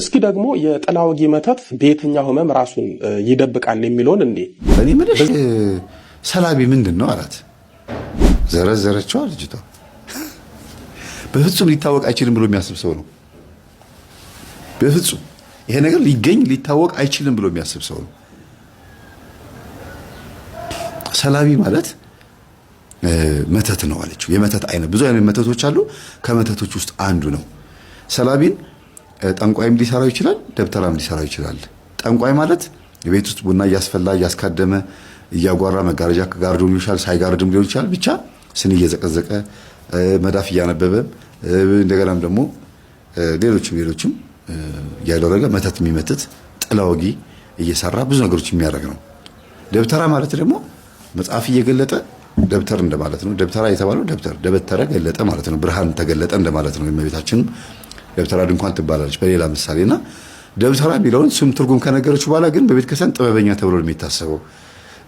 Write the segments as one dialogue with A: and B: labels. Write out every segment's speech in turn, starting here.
A: እስኪ ደግሞ የጥላ ወጊ መተት በየትኛው ህመም ራሱን ይደብቃል የሚለውን እንዴ
B: እኔ የምልሽ ሰላቢ ምንድን ነው አላት። ዘረዘረቸው ልጅቷ። በፍጹም ሊታወቅ አይችልም ብሎ የሚያስብ ሰው ነው። በፍጹም ይሄ ነገር ሊገኝ ሊታወቅ አይችልም ብሎ የሚያስብ ሰው ነው። ሰላቢ ማለት መተት ነው አለችው። የመተት አይነት ብዙ አይነት መተቶች አሉ። ከመተቶች ውስጥ አንዱ ነው ሰላቢን ጠንቋይም ሊሰራው ይችላል፣ ደብተራም ሊሰራው ይችላል። ጠንቋይ ማለት ቤት ውስጥ ቡና እያስፈላ እያስካደመ እያጓራ መጋረጃ ጋርዶ ሊሆን ይችላል፣ ሳይጋርድም ሊሆን ይችላል። ብቻ ስኒ እየዘቀዘቀ መዳፍ እያነበበ እንደገናም ደግሞ ሌሎችም ሌሎችም እያደረገ መተት የሚመትት ጥላ እየሰራ ብዙ ነገሮች የሚያደርግ ነው። ደብተራ ማለት ደግሞ መጽሐፍ እየገለጠ ደብተር እንደማለት ነው። ደብተራ የተባለው ደብተር ደበተረ ገለጠ ማለት ነው። ብርሃን ተገለጠ እንደማለት ነው። የእመቤታችንም ደብተራ ድንኳን ትባላለች በሌላ ምሳሌ እና ደብተራ የሚለውን ስም ትርጉም ከነገረች በኋላ ግን በቤተክርስቲያን ጥበበኛ ተብሎ ነው የሚታሰበው።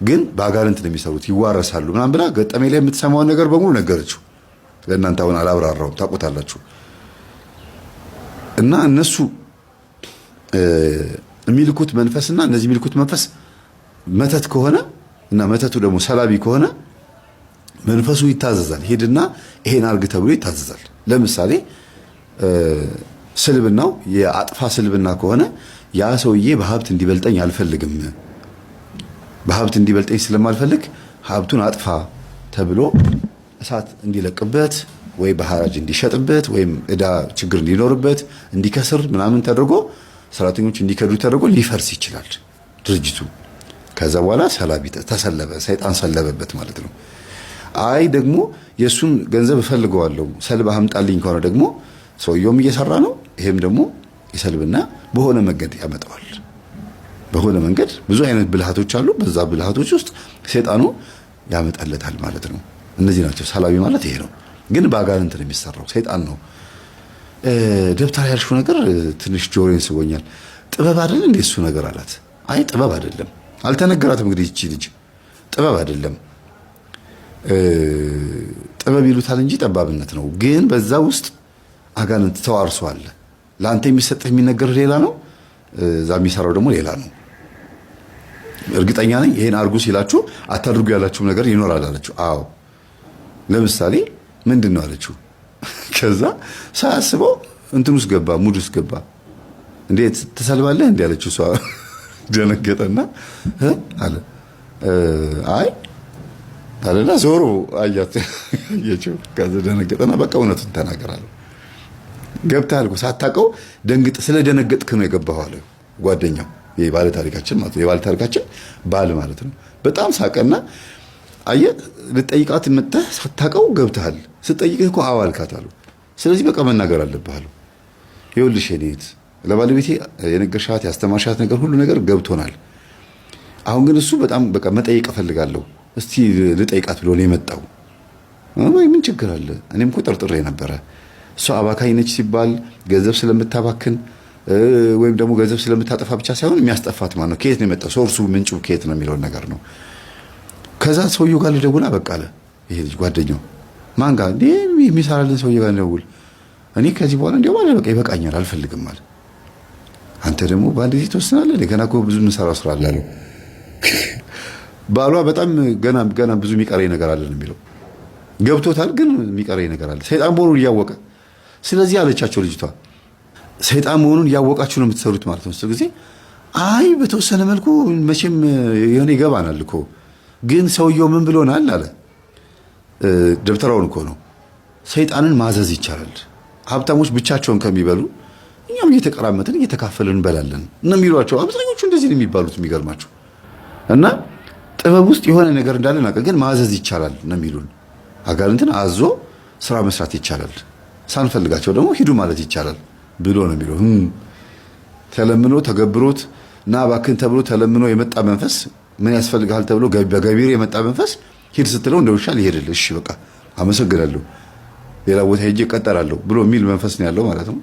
B: ግን በአጋንንት ነው የሚሰሩት ይዋረሳሉ ምናምን ብላ ገጠሜ ላይ የምትሰማውን ነገር በሙሉ ነገረችው። ለእናንተ አሁን አላብራራውም ታውቁታላችሁ። እና እነሱ የሚልኩት መንፈስና እነዚህ የሚልኩት መንፈስ መተት ከሆነ እና መተቱ ደግሞ ሰላቢ ከሆነ መንፈሱ ይታዘዛል። ሄድና ይሄን አርግ ተብሎ ይታዘዛል። ለምሳሌ ስልብናው የአጥፋ ስልብና ከሆነ ያ ሰውዬ በሀብት እንዲበልጠኝ አልፈልግም። በሀብት እንዲበልጠኝ ስለማልፈልግ ሀብቱን አጥፋ ተብሎ እሳት እንዲለቅበት ወይ በሐራጅ እንዲሸጥበት ወይም እዳ ችግር እንዲኖርበት እንዲከስር ምናምን ተደርጎ ሰራተኞች እንዲከዱ ተደርጎ ሊፈርስ ይችላል ድርጅቱ። ከዛ በኋላ ሰላቢ ተሰለበ፣ ሰይጣን ሰለበበት ማለት ነው። አይ ደግሞ የእሱን ገንዘብ እፈልገዋለሁ ሰልብ አምጣልኝ ከሆነ ደግሞ ሰውየውም እየሰራ ነው። ይሄም ደግሞ ይሰልብና በሆነ መንገድ ያመጣዋል። በሆነ መንገድ ብዙ አይነት ብልሃቶች አሉ። በዛ ብልሃቶች ውስጥ ሴጣኑ ያመጣለታል ማለት ነው። እነዚህ ናቸው ሰላቢ ማለት ይሄ ነው። ግን በአጋንንት ነው የሚሰራው፣ ሰይጣን ነው። ደብተር ያልሽው ነገር ትንሽ ጆሮዬን ስቦኛል። ጥበብ አይደል እንዴ እሱ ነገር አላት። አይ ጥበብ አይደለም አልተነገራትም። እንግዲህ ይቺ ልጅ ጥበብ አይደለም ጥበብ ይሉታል እንጂ ጠባብነት ነው። ግን በዛ ውስጥ አጋንንት ተዋርሷል። ለአንተ የሚሰጥህ የሚነገርህ ሌላ ነው፣ እዛ የሚሰራው ደግሞ ሌላ ነው። እርግጠኛ ነኝ ይሄን አድርጉ ሲላችሁ አታድርጉ ያላችሁም ነገር ይኖራል አለችው። አዎ ለምሳሌ ምንድን ነው አለችው። ከዛ ሳያስበው እንትን ውስጥ ገባ፣ ሙድ ውስጥ ገባ። እንዴት ትሰልባለህ እንዲ አለችው። እሷ ደነገጠና አለ አይ አለና ዞሮ አያት። ያቸው ከዚ ደነገጠና በቃ እውነቱን ተናገራለሁ ገብተሃል እኮ ሳታውቀው ደንግጥ ስለደነገጥክ ነው የገባኸው አለ ጓደኛው። የባለ ታሪካችን ማለት የባለ ታሪካችን ባል ማለት ነው። በጣም ሳቀና አየ ልጠይቃት መጥተህ ሳታውቀው ገብተሃል። ስጠይቅህ እኮ አዎ አልካት አሉ። ስለዚህ በቃ መናገር አለብህ አሉ። ይኸውልሽ የኔት ለባለቤቴ የነገርሻት ያስተማርሻት ነገር ሁሉ ነገር ገብቶናል። አሁን ግን እሱ በጣም በቃ መጠየቅ እፈልጋለሁ። እስቲ ልጠይቃት ብሎ ነው የመጣው። ወይ ምን ችግር አለ? እኔም እኮ ጠርጥሬ ነበረ እሷ አባካኝ ነች ሲባል ገንዘብ ስለምታባክን ወይም ደግሞ ገንዘብ ስለምታጠፋ ብቻ ሳይሆን የሚያስጠፋት ነው? ከየት ነው የመጣው፣ ሶርሱ ምንጩ ከየት ነው የሚለውን ነገር ነው። ከዛ ሰውየው ጋር ልደውል አበቃለ። ይሄ ልጅ ጓደኛው። ማን ጋር የሚሰራልን ሰውየ ጋር ልደውል። እኔ ከዚህ በኋላ እንዲያው ማለ በቃ ይበቃኛል፣ አልፈልግም አለ። አንተ ደግሞ በአንድ ጊዜ ትወስናለህ፣ ገና እኮ ብዙ የምንሰራው ስራ አለ አለው። ባሏ በጣም ገና ገና ብዙ የሚቀረኝ ነገር አለን የሚለው። ገብቶታል፣ ግን የሚቀረኝ ነገር አለ ሰይጣን በሆኑ እያወቀ ስለዚህ አለቻቸው ልጅቷ ሰይጣን መሆኑን እያወቃችሁ ነው የምትሰሩት ማለት ነው። ጊዜ አይ በተወሰነ መልኩ መቼም የሆነ ይገባናል እኮ ግን ሰውየው ምን ብሎናል አለ። ደብተራውን እኮ ነው ሰይጣንን ማዘዝ ይቻላል። ሀብታሞች ብቻቸውን ከሚበሉ እኛም እየተቀራመጥን እየተካፈልን እንበላለን እነሚሏቸው አብዛኞቹ እንደዚህ ነው የሚባሉት። የሚገርማቸው እና ጥበብ ውስጥ የሆነ ነገር እንዳለን አቀ ግን ማዘዝ ይቻላል ነው የሚሉን። አጋንንትን አዞ ስራ መስራት ይቻላል። ሳንፈልጋቸው ደግሞ ሂዱ ማለት ይቻላል ብሎ ነው የሚለው። ተለምኖ ተገብሮት እና ባክን ተብሎ ተለምኖ የመጣ መንፈስ ምን ያስፈልግሃል ተብሎ በገቢር የመጣ መንፈስ ሂድ ስትለው እንደ ውሻ ሊሄድል፣ እሺ በቃ አመሰግናለሁ፣ ሌላ ቦታ ሄጄ እቀጠራለሁ ብሎ የሚል መንፈስ ነው ያለው ማለት ነው።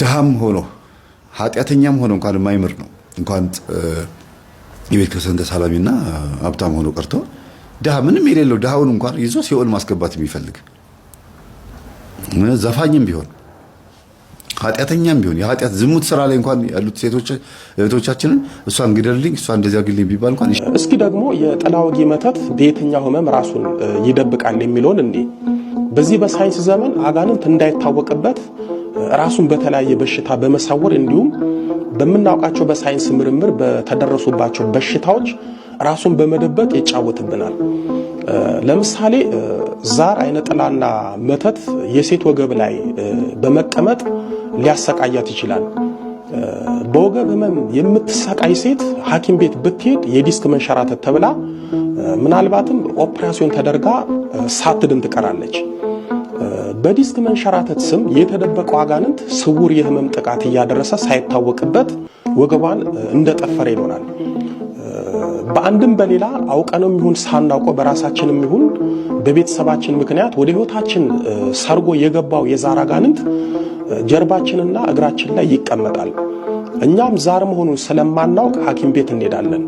B: ድሃም ሆኖ ኃጢአተኛም ሆኖ እንኳን የማይምር ነው እንኳን የቤተ ክርስቲያን ተሳላሚና ሀብታም ሆኖ ቀርቶ ድሃ ምንም የሌለው ድሃውን እንኳን ይዞ ሲኦል ማስገባት የሚፈልግ ዘፋኝም ቢሆን ኃጢአተኛም ቢሆን የኃጢአት ዝሙት ስራ ላይ እንኳን ያሉት ሴቶች እህቶቻችንን እሷን ግደልልኝ፣ እሷ እንደዚያ ግልኝ ቢባል እንኳን
A: እስኪ ደግሞ የጥላ ወጊ መተት በየትኛው ህመም ራሱን ይደብቃል የሚለውን እንዲህ በዚህ በሳይንስ ዘመን አጋንንት እንዳይታወቅበት ራሱን በተለያየ በሽታ በመሰወር እንዲሁም በምናውቃቸው በሳይንስ ምርምር በተደረሱባቸው በሽታዎች ራሱን በመደበቅ ይጫወትብናል። ለምሳሌ ዛር፣ አይነጥላና መተት የሴት ወገብ ላይ በመቀመጥ ሊያሰቃያት ይችላል። በወገብ ህመም የምትሰቃይ ሴት ሐኪም ቤት ብትሄድ የዲስክ መንሸራተት ተብላ ምናልባትም ኦፕሬሽን ተደርጋ ሳትድን ትቀራለች። በዲስክ መንሸራተት ስም የተደበቀው አጋንንት ስውር የህመም ጥቃት እያደረሰ ሳይታወቅበት ወገቧን እንደጠፈረ ይሆናል። በአንድም በሌላ አውቀንም ይሁን ሳናውቀው በራሳችንም ይሁን በቤተሰባችን ምክንያት ወደ ህይወታችን ሰርጎ የገባው የዛር አጋንንት ጀርባችንና እግራችን ላይ ይቀመጣል። እኛም ዛር መሆኑን ስለማናውቅ ሐኪም ቤት እንሄዳለን።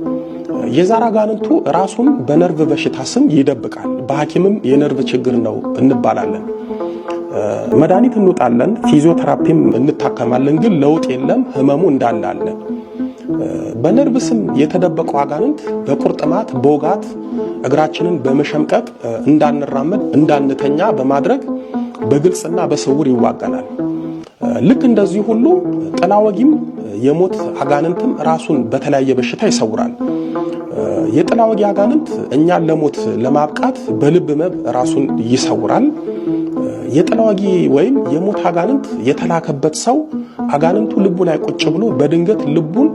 A: የዛር አጋንንቱ ራሱን በነርቭ በሽታ ስም ይደብቃል። በሐኪምም የነርቭ ችግር ነው እንባላለን። መድኃኒት እንውጣለን፣ ፊዚዮቴራፒም እንታከማለን፣ ግን ለውጥ የለም። ህመሙ እንዳለ አለን። በነርቭ ስም የተደበቀው አጋንንት በቁርጥማት በውጋት እግራችንን በመሸምቀቅ እንዳንራመድ እንዳንተኛ በማድረግ በግልጽና በስውር ይዋጋናል። ልክ እንደዚህ ሁሉ ጥላወጊም የሞት አጋንንትም ራሱን በተለያየ በሽታ ይሰውራል። የጥላወጊ አጋንንት እኛን ለሞት ለማብቃት በልብ መብ ራሱን ይሰውራል። የጥላወጊ ወይም የሞት አጋንንት የተላከበት ሰው አጋንንቱ ልቡ ላይ ቁጭ ብሎ በድንገት ልቡን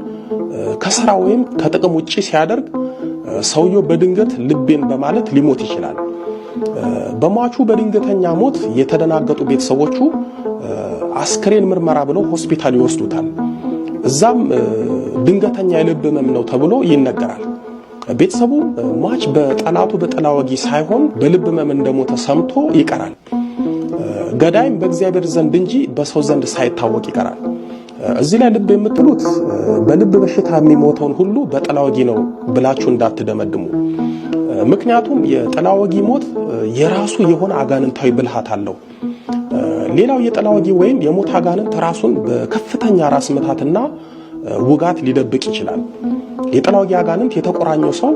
A: ከስራ ወይም ከጥቅም ውጪ ሲያደርግ ሰውየው በድንገት ልቤን በማለት ሊሞት ይችላል። በሟቹ በድንገተኛ ሞት የተደናገጡ ቤተሰቦቹ አስክሬን ምርመራ ብለው ሆስፒታል ይወስዱታል። እዛም ድንገተኛ የልብ ህመም ነው ተብሎ ይነገራል። ቤተሰቡ ሟች በጠላቱ በጠላ ወጊ ሳይሆን በልብ ህመም እንደሞተ ሰምቶ ይቀራል። ገዳይም በእግዚአብሔር ዘንድ እንጂ በሰው ዘንድ ሳይታወቅ ይቀራል። እዚህ ላይ ልብ የምትሉት በልብ በሽታ የሚሞተውን ሁሉ በጠላ ወጊ ነው ብላችሁ እንዳትደመድሙ። ምክንያቱም የጠላ ወጊ ሞት የራሱ የሆነ አጋንንታዊ ብልሃት አለው። ሌላው የጠላ ወጊ ወይም የሞት አጋንንት ራሱን በከፍተኛ ራስ ምታትና ውጋት ሊደብቅ ይችላል። የጠላ ወጊ አጋንንት የተቆራኘው ሰው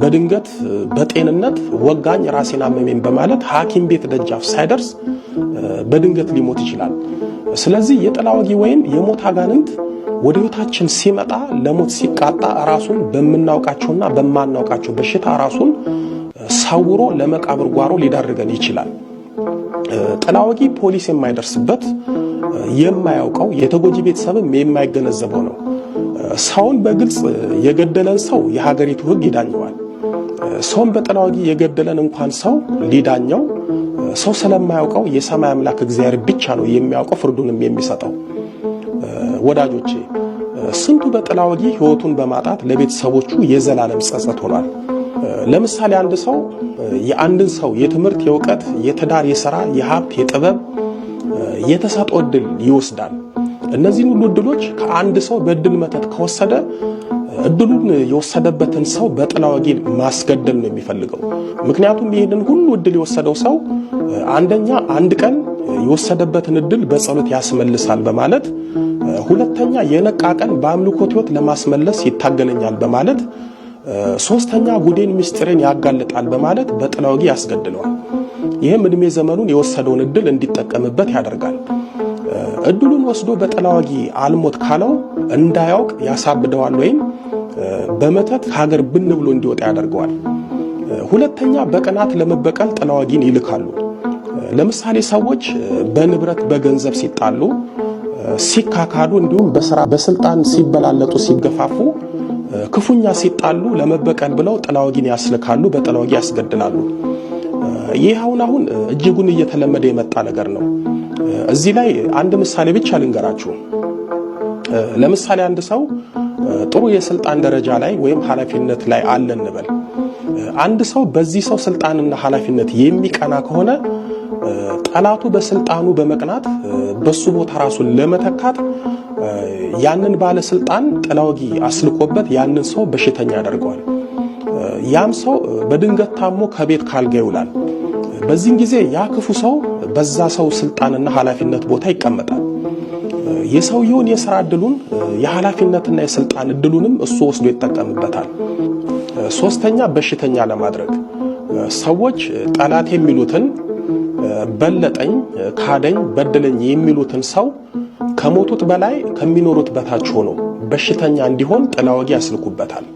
A: በድንገት በጤንነት ወጋኝ ራሴን አመሜን በማለት ሐኪም ቤት ደጃፍ ሳይደርስ በድንገት ሊሞት ይችላል። ስለዚህ የጥላ ወጊ ወይም የሞት አጋንንት ወደ ህይወታችን ሲመጣ ለሞት ሲቃጣ ራሱን በምናውቃቸውና በማናውቃቸው በሽታ ራሱን ሰውሮ ለመቃብር ጓሮ ሊዳርገን ይችላል። ጥላ ወጊ ፖሊስ የማይደርስበት የማያውቀው የተጎጂ ቤተሰብም የማይገነዘበው ነው። ሰውን በግልጽ የገደለን ሰው የሀገሪቱ ህግ ይዳኘዋል። ሰውን በጥላ ወጊ የገደለን እንኳን ሰው ሊዳኘው ሰው ስለማያውቀው የሰማይ አምላክ እግዚአብሔር ብቻ ነው የሚያውቀው ፍርዱንም የሚሰጠው። ወዳጆቼ ስንቱ በጥላ ወጊ ህይወቱን በማጣት ለቤተሰቦቹ የዘላለም ጸጸት ሆኗል። ለምሳሌ አንድ ሰው የአንድን ሰው የትምህርት፣ የእውቀት፣ የትዳር፣ የሥራ፣ የሀብት፣ የጥበብ የተሰጠው እድል ይወስዳል። እነዚህን ሁሉ እድሎች ከአንድ ሰው በእድል መተት ከወሰደ እድሉን የወሰደበትን ሰው በጥላ ወጌ ማስገደል ነው የሚፈልገው። ምክንያቱም ይህንን ሁሉ እድል የወሰደው ሰው አንደኛ አንድ ቀን የወሰደበትን እድል በጸሎት ያስመልሳል በማለት ሁለተኛ የነቃ ቀን በአምልኮት ህይወት ለማስመለስ ይታገለኛል በማለት ሶስተኛ ጉዴን ምስጢሬን ያጋልጣል በማለት በጥላ ወጌ ያስገድለዋል። ይህም እድሜ ዘመኑን የወሰደውን እድል እንዲጠቀምበት ያደርጋል። እድሉን ወስዶ በጥላ ወጌ አልሞት ካለው እንዳያውቅ ያሳብደዋል ወይም በመተት ከሀገር ብን ብሎ እንዲወጣ ያደርገዋል። ሁለተኛ በቅናት ለመበቀል ጥላ ይልካሉ። ለምሳሌ ሰዎች በንብረት በገንዘብ ሲጣሉ፣ ሲካካዱ፣ እንዲሁም በስራ በስልጣን ሲበላለጡ፣ ሲገፋፉ ክፉኛ ሲጣሉ ለመበቀል ብለው ጥላ ያስልካሉ፣ በጥላ ያስገድላሉ። ይህ አሁን አሁን እጅጉን እየተለመደ የመጣ ነገር ነው። እዚህ ላይ አንድ ምሳሌ ብቻ ልንገራችሁ። ለምሳሌ አንድ ሰው ጥሩ የስልጣን ደረጃ ላይ ወይም ኃላፊነት ላይ አለ እንበል። አንድ ሰው በዚህ ሰው ስልጣንና ኃላፊነት የሚቀና ከሆነ ጠላቱ በስልጣኑ በመቅናት በሱ ቦታ ራሱን ለመተካት ያንን ባለስልጣን ጥላውጊ ወጊ አስልቆበት ያንን ሰው በሽተኛ ያደርገዋል። ያም ሰው በድንገት ታሞ ከቤት ካልጋ ይውላል። በዚህ ጊዜ ያ ክፉ ሰው በዛ ሰው ስልጣንና ኃላፊነት ቦታ ይቀመጣል። የሰውየውን የስራ እድሉን የኃላፊነትና የስልጣን እድሉንም እሱ ወስዶ ይጠቀምበታል። ሶስተኛ በሽተኛ ለማድረግ ሰዎች ጠላት የሚሉትን በለጠኝ፣ ካደኝ፣ በደለኝ የሚሉትን ሰው ከሞቱት በላይ ከሚኖሩት በታች ሆኖ በሽተኛ እንዲሆን ጥላወጊ ያስልኩበታል።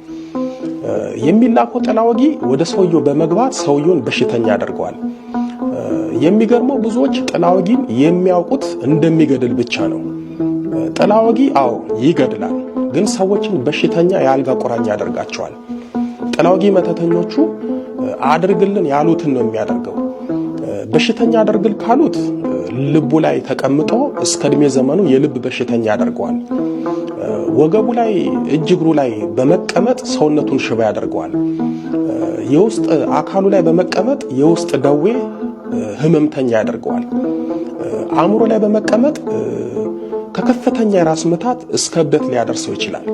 A: የሚላከው ጥላወጊ ወደ ሰውየው በመግባት ሰውየውን በሽተኛ ያደርገዋል። የሚገርመው ብዙዎች ጥላወጊን የሚያውቁት እንደሚገድል ብቻ ነው። ጥላ ወጊ አዎ ይገድላል፣ ግን ሰዎችን በሽተኛ የአልጋ ቁራኛ ያደርጋቸዋል። ጥላ ወጊ መተተኞቹ አድርግልን ያሉትን ነው የሚያደርገው። በሽተኛ አድርግል ካሉት ልቡ ላይ ተቀምጦ እስከ ዕድሜ ዘመኑ የልብ በሽተኛ ያደርገዋል። ወገቡ ላይ እጅ እግሩ ላይ በመቀመጥ ሰውነቱን ሽባ ያደርገዋል። የውስጥ አካሉ ላይ በመቀመጥ የውስጥ ደዌ ህመምተኛ ያደርገዋል። አእምሮ ላይ በመቀመጥ ከከፍተኛ የራስ ምታት እስከ እብደት ሊያደርሰው ይችላል።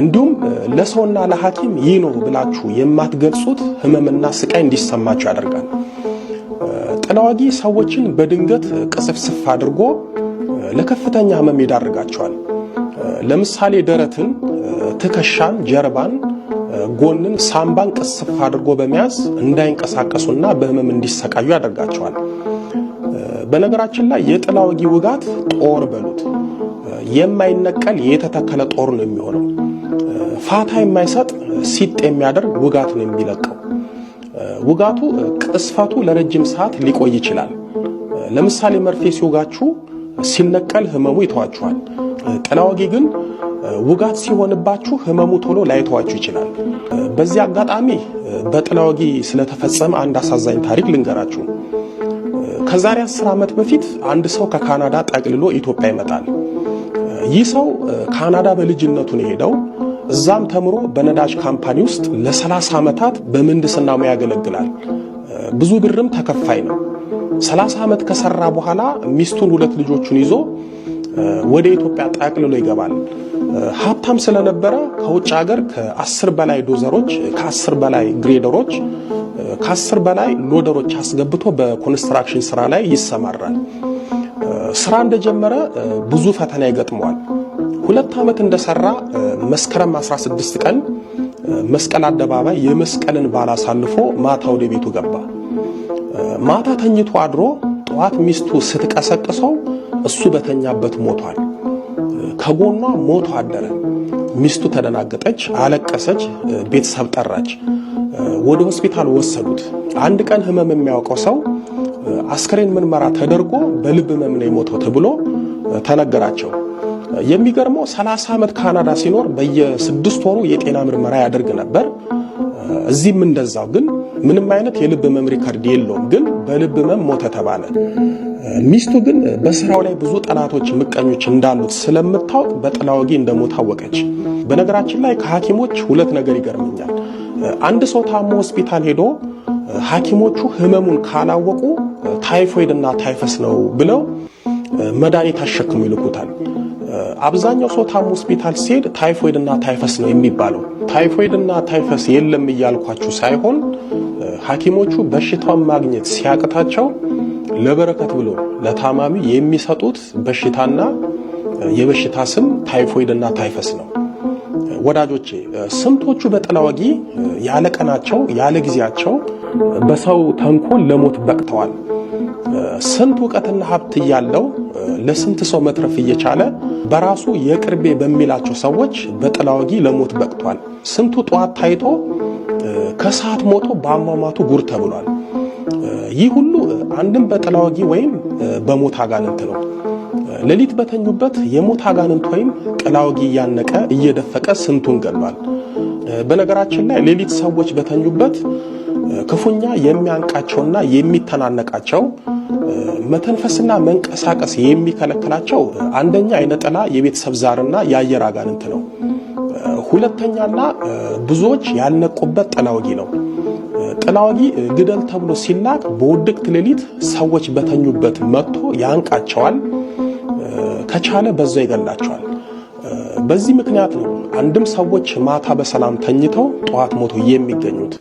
A: እንዲሁም ለሰውና ለሐኪም ይህ ነው ብላችሁ የማትገልጹት ህመምና ስቃይ እንዲሰማቸው ያደርጋል። ጥላዋጊ ሰዎችን በድንገት ስፍ አድርጎ ለከፍተኛ ህመም ይዳርጋቸዋል። ለምሳሌ ደረትን፣ ትከሻን፣ ጀርባን፣ ጎንን፣ ሳምባን ቅስፍ አድርጎ በመያዝ እንዳይንቀሳቀሱና በህመም እንዲሰቃዩ ያደርጋቸዋል። በነገራችን ላይ የጥላዋጊ ውጋት ጦር በሉት የማይነቀል የተተከለ ጦር ነው የሚሆነው። ፋታ የማይሰጥ ሲጥ የሚያደርግ ውጋት ነው የሚለቀው። ውጋቱ ቅስፈቱ ለረጅም ሰዓት ሊቆይ ይችላል። ለምሳሌ መርፌ ሲወጋችሁ ሲነቀል ህመሙ ይተዋችኋል። ጥላወጊ ግን ውጋት ሲሆንባችሁ ህመሙ ቶሎ ላይተዋችሁ ይችላል። በዚህ አጋጣሚ በጥላወጊ ስለተፈጸመ አንድ አሳዛኝ ታሪክ ልንገራችሁ። ከዛሬ አስር ዓመት በፊት አንድ ሰው ከካናዳ ጠቅልሎ ኢትዮጵያ ይመጣል። ይህ ሰው ካናዳ በልጅነቱ ነው የሄደው። እዛም ተምሮ በነዳጅ ካምፓኒ ውስጥ ለ30 ዓመታት በምህንድስናው ያገለግላል። ብዙ ብርም ተከፋይ ነው። 30 ዓመት ከሰራ በኋላ ሚስቱን፣ ሁለት ልጆቹን ይዞ ወደ ኢትዮጵያ ጠቅልሎ ይገባል። ሀብታም ስለነበረ ከውጭ ሀገር ከ10 በላይ ዶዘሮች፣ ከ10 በላይ ግሬደሮች፣ ከ10 በላይ ሎደሮች አስገብቶ በኮንስትራክሽን ስራ ላይ ይሰማራል። ስራ እንደጀመረ ብዙ ፈተና ይገጥመዋል። ሁለት ዓመት እንደሰራ መስከረም 16 ቀን መስቀል አደባባይ የመስቀልን በዓል አሳልፎ ማታ ወደ ቤቱ ገባ። ማታ ተኝቶ አድሮ ጠዋት ሚስቱ ስትቀሰቅሰው እሱ በተኛበት ሞቷል። ከጎኗ ሞቶ አደረ። ሚስቱ ተደናገጠች፣ አለቀሰች፣ ቤተሰብ ጠራች፣ ወደ ሆስፒታል ወሰዱት። አንድ ቀን ህመም የሚያውቀው ሰው አስክሬን ምርመራ ተደርጎ በልብ ህመም ነው የሞተው ተብሎ ተነገራቸው። የሚገርመው 30 ዓመት ካናዳ ሲኖር በየስድስት ወሩ የጤና ምርመራ ያደርግ ነበር። እዚህም እንደዛው ግን ምንም አይነት የልብ ህመም ሪከርድ የለውም። ግን በልብ ህመም ሞተ ተባለ። ሚስቱ ግን በስራው ላይ ብዙ ጠላቶች፣ ምቀኞች እንዳሉት ስለምታውቅ በጥላ ወጊ እንደሞተ አወቀች። በነገራችን ላይ ከሐኪሞች ሁለት ነገር ይገርመኛል። አንድ ሰው ታሞ ሆስፒታል ሄዶ ሐኪሞቹ ህመሙን ካላወቁ ታይፎይድ እና ታይፈስ ነው ብለው መድኃኒት አሸክሙ ይልኩታል። አብዛኛው ሰው ታም ሆስፒታል ሲሄድ ታይፎይድ እና ታይፈስ ነው የሚባለው። ታይፎይድ እና ታይፈስ የለም እያልኳችሁ ሳይሆን ሐኪሞቹ በሽታውን ማግኘት ሲያቅታቸው ለበረከት ብሎ ለታማሚ የሚሰጡት በሽታና የበሽታ ስም ታይፎይድ እና ታይፈስ ነው። ወዳጆቼ ስንቶቹ በጥላ ወጊ ያለ ቀናቸው ያለ ጊዜያቸው በሰው ተንኮል ለሞት በቅተዋል። ስንት እውቀትና ሀብት እያለው ለስንት ሰው መትረፍ እየቻለ በራሱ የቅርቤ በሚላቸው ሰዎች በጥላወጊ ለሞት በቅቷል። ስንቱ ጠዋት ታይቶ ከሰዓት ሞቶ በአሟሟቱ ጉር ተብሏል። ይህ ሁሉ አንድም በጥላወጊ ወይም በሞት አጋንንት ነው። ሌሊት በተኙበት የሞት አጋንንት ወይም ጥላወጊ እያነቀ እየደፈቀ ስንቱን ገሏል። በነገራችን ላይ ሌሊት ሰዎች በተኙበት ክፉኛ የሚያንቃቸውና የሚተናነቃቸው መተንፈስና መንቀሳቀስ የሚከለክላቸው አንደኛ የነጠላ የቤተሰብ ዛርና የአየር አጋንንት ነው። ሁለተኛና ብዙዎች ያልነቁበት ጥላወጊ ነው። ጥላወጊ ግደል ተብሎ ሲላክ በውድቅት ሌሊት ሰዎች በተኙበት መጥቶ ያንቃቸዋል። ከቻለ በዛ ይገላቸዋል። በዚህ ምክንያት ነው አንድም ሰዎች ማታ በሰላም ተኝተው ጠዋት ሞቶ የሚገኙት።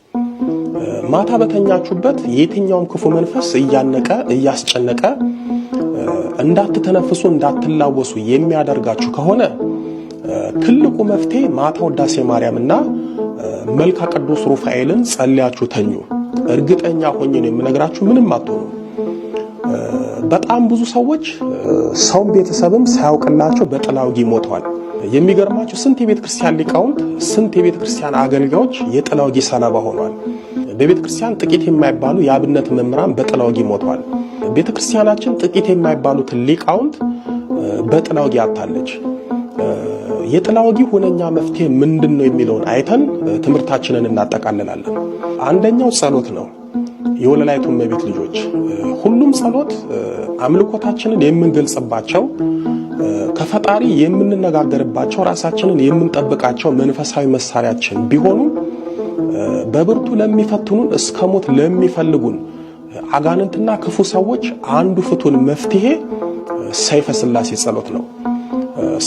A: ማታ በተኛችሁበት የትኛውም ክፉ መንፈስ እያነቀ እያስጨነቀ እንዳትተነፍሱ እንዳትላወሱ የሚያደርጋችሁ ከሆነ ትልቁ መፍትሄ ማታ ውዳሴ ማርያምና መልካ ቅዱስ ሩፋኤልን ጸልያችሁ ተኙ። እርግጠኛ ሆኜ ነው የምነግራችሁ፣ ምንም አትሆኑ። በጣም ብዙ ሰዎች ሰውን ቤተሰብም ሳያውቅላቸው በጥላውጊ ሞተዋል። የሚገርማችሁ ስንት የቤተ ክርስቲያን ሊቃውንት፣ ስንት የቤተ ክርስቲያን አገልጋዮች የጥላውጊ ሰለባ ሆኗል። በቤተ ክርስቲያን ጥቂት የማይባሉ የአብነት መምህራን በጥላ ወጊ ሞተዋል። ቤተ ክርስቲያናችን ጥቂት የማይባሉት ሊቃውንት በጥላ ወጊ አጥታለች። የጥላ ወጊ ሁነኛ መፍትሄ ምንድን ነው የሚለውን አይተን ትምህርታችንን እናጠቃልላለን። አንደኛው ጸሎት ነው። የወለላይቱ እመቤት ልጆች ሁሉም ጸሎት አምልኮታችንን የምንገልጽባቸው ከፈጣሪ የምንነጋገርባቸው ራሳችንን የምንጠብቃቸው መንፈሳዊ መሳሪያችን ቢሆኑም በብርቱ ለሚፈትኑን እስከ ሞት ለሚፈልጉን አጋንንትና ክፉ ሰዎች አንዱ ፍቱን መፍትሄ ሰይፈ ስላሴ ጸሎት ነው።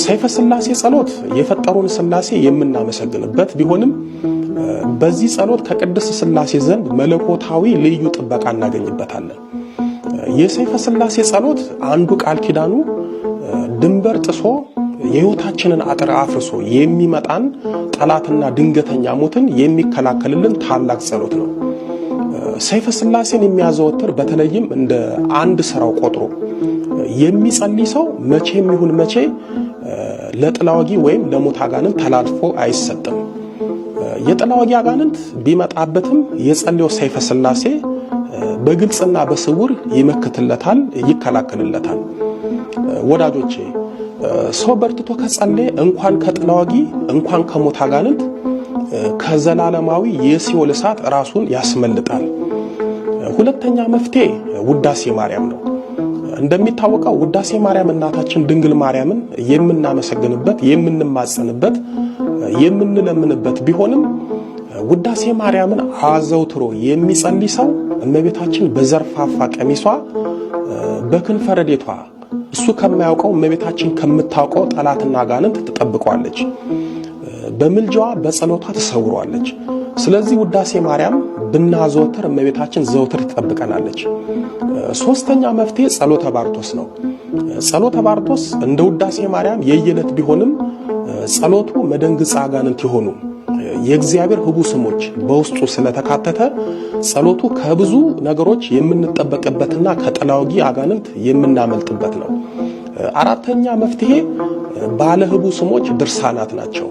A: ሰይፈ ስላሴ ጸሎት የፈጠሩን ስላሴ የምናመሰግንበት ቢሆንም በዚህ ጸሎት ከቅድስ ስላሴ ዘንድ መለኮታዊ ልዩ ጥበቃ እናገኝበታለን። የሰይፈ ስላሴ ጸሎት አንዱ ቃል ኪዳኑ ድንበር ጥሶ የሕይወታችንን አጥር አፍርሶ የሚመጣን ጠላትና ድንገተኛ ሞትን የሚከላከልልን ታላቅ ጸሎት ነው። ሰይፈ ስላሴን የሚያዘወትር በተለይም እንደ አንድ ስራው ቆጥሮ የሚጸልይ ሰው መቼም ይሁን መቼ ለጥላዋጊ ወይም ለሞት አጋንንት ተላልፎ አይሰጥም። የጥላዋጊ ወጊ አጋንንት ቢመጣበትም የጸልዮ ሰይፈ ስላሴ በግልጽና በስውር ይመክትለታል፣ ይከላከልለታል። ወዳጆቼ ሰው በርትቶ ከጸለየ እንኳን ከጥናዋጊ እንኳን ከሞት አጋንንት ከዘላለማዊ የሲኦል እሳት ራሱን ያስመልጣል። ሁለተኛ መፍትሄ ውዳሴ ማርያም ነው። እንደሚታወቀው ውዳሴ ማርያም እናታችን ድንግል ማርያምን የምናመሰግንበት፣ የምንማጸንበት፣ የምንለምንበት ቢሆንም ውዳሴ ማርያምን አዘውትሮ የሚጸልይ ሰው እመቤታችን በዘርፋፋ ቀሚሷ በክንፈ ረድኤቷ እሱ ከማያውቀው እመቤታችን ከምታውቀው ጠላትና ጋንንት ትጠብቋለች። በምልጃዋ በጸሎቷ ትሰውሯለች። ስለዚህ ውዳሴ ማርያም ብናዘወትር እመቤታችን ዘውትር ትጠብቀናለች። ሶስተኛ መፍትሄ ጸሎተ ባርቶስ ነው። ጸሎተ ባርቶስ እንደ ውዳሴ ማርያም የየዕለት ቢሆንም ጸሎቱ መደንግጻ አጋንንት የሆኑ የእግዚአብሔር ህቡ ስሞች በውስጡ ስለተካተተ ጸሎቱ ከብዙ ነገሮች የምንጠበቅበትና ከጠላውጊ አጋንንት የምናመልጥበት ነው። አራተኛ መፍትሄ ባለ ህቡ ስሞች ድርሳናት ናቸው።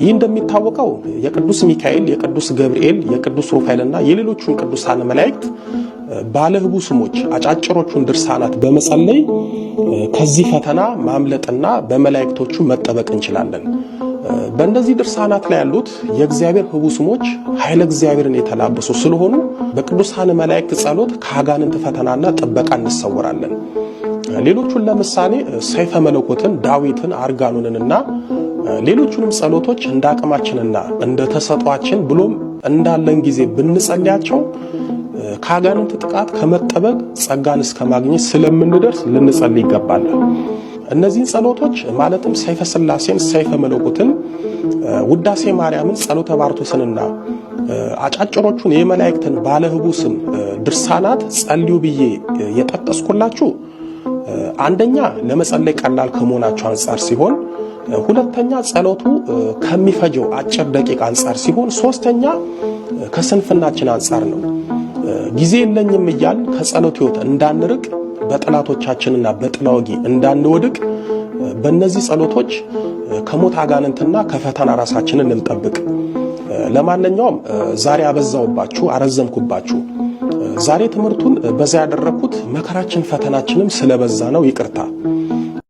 A: ይህ እንደሚታወቀው የቅዱስ ሚካኤል፣ የቅዱስ ገብርኤል፣ የቅዱስ ሩፋኤልና የሌሎቹን ቅዱሳን መላእክት ባለህቡ ስሞች አጫጭሮቹን ድርሳናት በመጸለይ ከዚህ ፈተና ማምለጥና በመላእክቶቹ መጠበቅ እንችላለን። በእነዚህ ድርሳናት ላይ ያሉት የእግዚአብሔር ህቡ ስሞች ኃይለ እግዚአብሔርን የተላበሱ ስለሆኑ በቅዱሳን መላእክት ጸሎት ከአጋንንት ፈተናና ጥበቃ እንሰወራለን። ሌሎቹን ለምሳሌ ሰይፈ መለኮትን፣ ዳዊትን፣ አርጋኑንንና ሌሎቹንም ጸሎቶች እንደ አቅማችንና እንደ ተሰጧችን ብሎም እንዳለን ጊዜ ብንጸልያቸው ከአጋንንት ጥቃት ከመጠበቅ ጸጋን እስከ ማግኘት ስለምንደርስ ልንጸል ይገባል። እነዚህን ጸሎቶች ማለትም ሰይፈ ስላሴን ሰይፈ መለኮትን፣ ውዳሴ ማርያምን፣ ጸሎተ ባርቶስንና አጫጭሮቹን የመላእክትን ባለህቡስን ድርሳናት ጸልዩ ብዬ የጠቀስኩላችሁ አንደኛ ለመጸለይ ቀላል ከመሆናቸው አንጻር ሲሆን ሁለተኛ ጸሎቱ ከሚፈጀው አጭር ደቂቃ አንጻር ሲሆን ሶስተኛ ከስንፍናችን አንጻር ነው። ጊዜ የለኝም እያል ከጸሎት ህይወት እንዳንርቅ በጠላቶቻችንና በጥላ እንዳንወድቅ በእነዚህ ጸሎቶች ከሞት አጋንንትና ከፈተና ራሳችንን እንጠብቅ። ለማንኛውም ዛሬ አበዛውባችሁ፣ አረዘምኩባችሁ። ዛሬ ትምህርቱን በዛ ያደረግኩት መከራችን ፈተናችንም ስለበዛ ነው። ይቅርታ